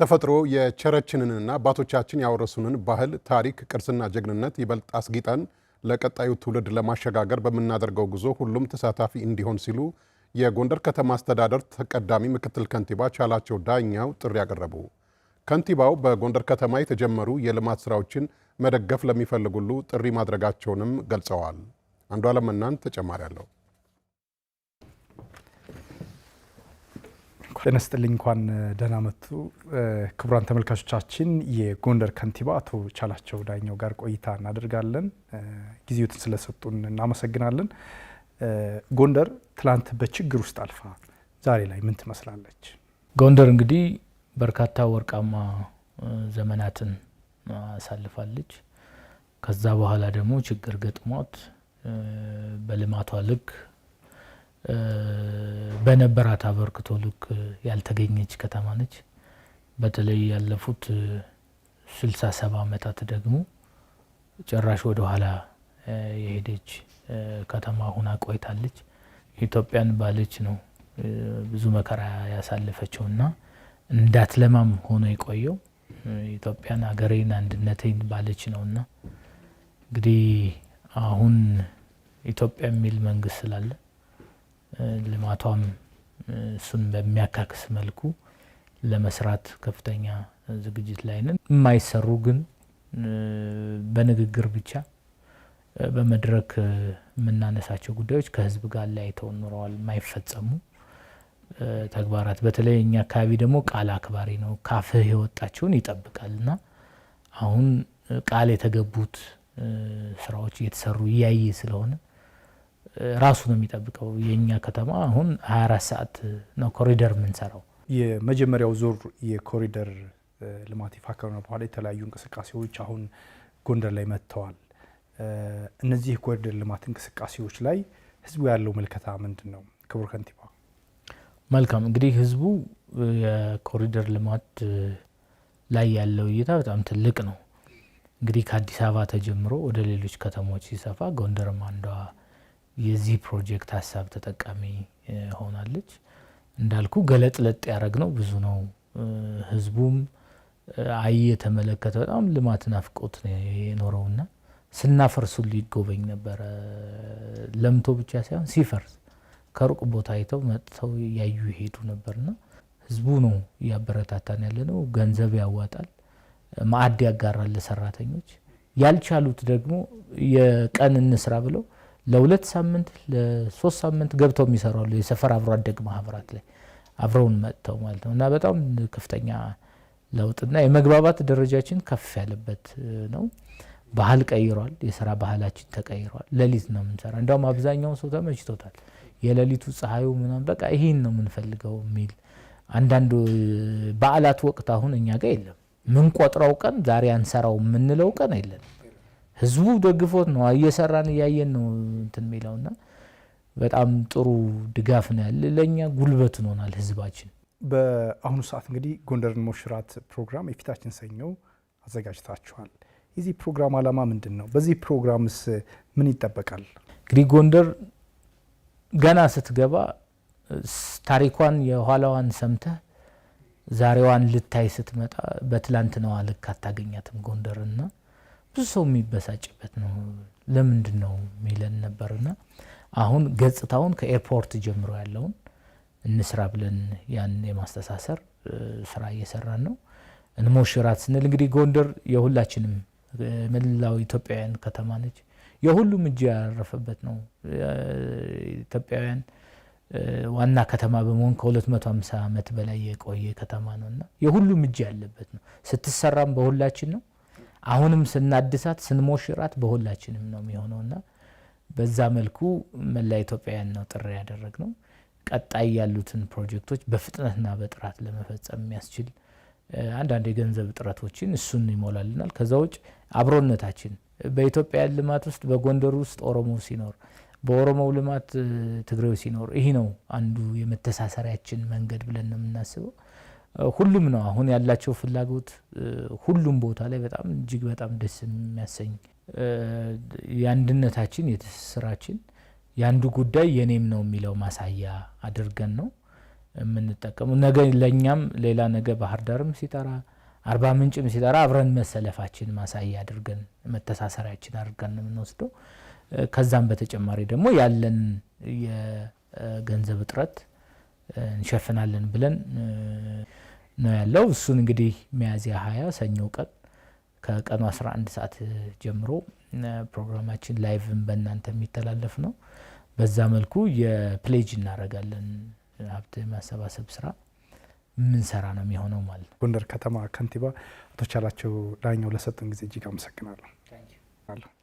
ተፈጥሮ የቸረችንንና አባቶቻችን ያወረሱንን ባህል፣ ታሪክ፣ ቅርስና ጀግንነት ይበልጥ አስጊጠን ለቀጣዩ ትውልድ ለማሸጋገር በምናደርገው ጉዞ ሁሉም ተሳታፊ እንዲሆን ሲሉ የጎንደር ከተማ አስተዳደር ተቀዳሚ ምክትል ከንቲባ ቻላቸው ዳኛው ጥሪ አቀረቡ። ከንቲባው በጎንደር ከተማ የተጀመሩ የልማት ስራዎችን መደገፍ ለሚፈልጉሉ ጥሪ ማድረጋቸውንም ገልጸዋል። አንዷለም እናን ተጨማሪ አለው። አመሰግናለሁ። ጤና ይስጥልኝ። እንኳን ደህና መጡ ክቡራን ተመልካቾቻችን። የጎንደር ከንቲባ አቶ ቻላቸው ዳኛው ጋር ቆይታ እናደርጋለን። ጊዜዎትን ስለሰጡን እናመሰግናለን። ጎንደር ትላንት በችግር ውስጥ አልፋ ዛሬ ላይ ምን ትመስላለች? ጎንደር እንግዲህ በርካታ ወርቃማ ዘመናትን አሳልፋለች። ከዛ በኋላ ደግሞ ችግር ገጥሟት በልማቷ ልክ በነበራት አበርክቶ ልክ ያልተገኘች ከተማ ነች። በተለይ ያለፉት ስልሳ ሰባ አመታት ደግሞ ጭራሽ ወደ ኋላ የሄደች ከተማ ሁና ቆይታለች። ኢትዮጵያን ባለች ነው ብዙ መከራ ያሳለፈችው እና እንዳትለማም ሆኖ የቆየው ኢትዮጵያን ሀገሬን አንድነቴን ባለች ነው እና እንግዲህ አሁን ኢትዮጵያ የሚል መንግስት ስላለ ልማቷም እሱን በሚያካክስ መልኩ ለመስራት ከፍተኛ ዝግጅት ላይ ነን። የማይሰሩ ግን በንግግር ብቻ በመድረክ የምናነሳቸው ጉዳዮች ከህዝብ ጋር ለያይተው ኑረዋል። የማይፈጸሙ ተግባራት በተለይ እኛ አካባቢ ደግሞ ቃል አክባሪ ነው። ካፍህ የወጣቸውን ይጠብቃል እና አሁን ቃል የተገቡት ስራዎች እየተሰሩ እያየ ስለሆነ ራሱ ነው የሚጠብቀው። የእኛ ከተማ አሁን 24 ሰዓት ነው ኮሪደር የምንሰራው። የመጀመሪያው ዙር የኮሪደር ልማት ይፋ ከሆነ በኋላ የተለያዩ እንቅስቃሴዎች አሁን ጎንደር ላይ መጥተዋል። እነዚህ የኮሪደር ልማት እንቅስቃሴዎች ላይ ህዝቡ ያለው ምልከታ ምንድን ነው? ክቡር ከንቲባ፣ መልካም እንግዲህ ህዝቡ የኮሪደር ልማት ላይ ያለው እይታ በጣም ትልቅ ነው። እንግዲህ ከአዲስ አበባ ተጀምሮ ወደ ሌሎች ከተሞች ሲሰፋ ጎንደርም አንዷ የዚህ ፕሮጀክት ሀሳብ ተጠቃሚ ሆናለች። እንዳልኩ ገለጥ ለጥ ያደረግ ነው ብዙ ነው። ህዝቡም አይ የተመለከተ በጣም ልማት ናፍቆት የኖረውና ስናፈርሱ ሊጎበኝ ነበረ። ለምቶ ብቻ ሳይሆን ሲፈርስ ከሩቅ ቦታ አይተው መጥተው ያዩ ይሄዱ ነበርና ህዝቡ ነው እያበረታታን ያለ ነው። ገንዘብ ያዋጣል፣ ማዕድ ያጋራል ለሰራተኞች። ያልቻሉት ደግሞ የቀን እንስራ ብለው ለሁለት ሳምንት ለሶስት ሳምንት ገብተው የሚሰራሉ የሰፈር አብሮ አደግ ማህበራት ላይ አብረውን መጥተው ማለት ነው እና በጣም ከፍተኛ ለውጥና የመግባባት ደረጃችን ከፍ ያለበት ነው። ባህል ቀይሯል። የስራ ባህላችን ተቀይሯል። ሌሊት ነው የምንሰራ። እንዲሁም አብዛኛውን ሰው ተመችቶታል። የሌሊቱ ፀሐዩ ምናምን በቃ ይሄን ነው የምንፈልገው የሚል አንዳንዱ በዓላት ወቅት አሁን እኛ ጋር የለም። ምንቆጥረው ቀን ዛሬ አንሰራው የምንለው ቀን የለንም። ህዝቡ ደግፎት ነው እየሰራን እያየን ነው እንትን የሚለውና በጣም ጥሩ ድጋፍ ነው ያለ ለእኛ ጉልበት ሆናል ህዝባችን። በአሁኑ ሰዓት እንግዲህ ጎንደርን ሞሽራት ፕሮግራም የፊታችን ሰኞ አዘጋጅታችኋል። የዚህ ፕሮግራም ዓላማ ምንድን ነው? በዚህ ፕሮግራምስ ምን ይጠበቃል? እንግዲህ ጎንደር ገና ስትገባ ታሪኳን የኋላዋን ሰምተህ ዛሬዋን ልታይ ስትመጣ በትላንትናዋ ልክ አታገኛትም ጎንደርና ብዙ ሰው የሚበሳጭበት ነው ለምንድን ነው የሚለን ነበርና አሁን ገጽታውን ከኤርፖርት ጀምሮ ያለውን እንስራ ብለን ያን የማስተሳሰር ስራ እየሰራን ነው። እንሞሽራት ስንል እንግዲህ ጎንደር የሁላችንም መላው ኢትዮጵያውያን ከተማ ነች። የሁሉም እጅ ያረፈበት ነው። ኢትዮጵያውያን ዋና ከተማ በመሆን ከ250 ዓመት በላይ የቆየ ከተማ ነው እና የሁሉም እጅ ያለበት ነው። ስትሰራም በሁላችን ነው አሁንም ስናድሳት ስንሞሽራት በሁላችንም ነው የሚሆነውና በዛ መልኩ መላ ኢትዮጵያውያን ነው ጥሪ ያደረግ ነው። ቀጣይ ያሉትን ፕሮጀክቶች በፍጥነትና በጥራት ለመፈጸም የሚያስችል አንዳንድ የገንዘብ እጥረቶችን እሱን ይሞላልናል። ከዛ ውጭ አብሮነታችን በኢትዮጵያውያን ልማት ውስጥ በጎንደር ውስጥ ኦሮሞ ሲኖር፣ በኦሮሞው ልማት ትግሬው ሲኖር፣ ይህ ነው አንዱ የመተሳሰሪያችን መንገድ ብለን ነው የምናስበው። ሁሉም ነው አሁን ያላቸው ፍላጎት ሁሉም ቦታ ላይ በጣም እጅግ በጣም ደስ የሚያሰኝ የአንድነታችን የትስስራችን የአንዱ ጉዳይ የኔም ነው የሚለው ማሳያ አድርገን ነው የምንጠቀመው። ነገ ለእኛም ሌላ ነገ ባህር ዳርም ሲጠራ አርባ ምንጭም ሲጠራ አብረን መሰለፋችን ማሳያ አድርገን መተሳሰሪያችን አድርገን ነው የምንወስደው። ከዛም በተጨማሪ ደግሞ ያለን የገንዘብ እጥረት እንሸፍናለን ብለን ነው ያለው። እሱን እንግዲህ ሚያዝያ ሀያ ሰኞ ቀን ከቀኑ 11 ሰዓት ጀምሮ ፕሮግራማችን ላይቭን በእናንተ የሚተላለፍ ነው። በዛ መልኩ የፕሌጅ እናደርጋለን ሀብት ማሰባሰብ ስራ የምንሰራ ነው የሚሆነው ማለት ነው። ጎንደር ከተማ ከንቲባ አቶ ቻላቸው ዳኛው ለሰጡን ጊዜ እጅግ አመሰግናለሁ።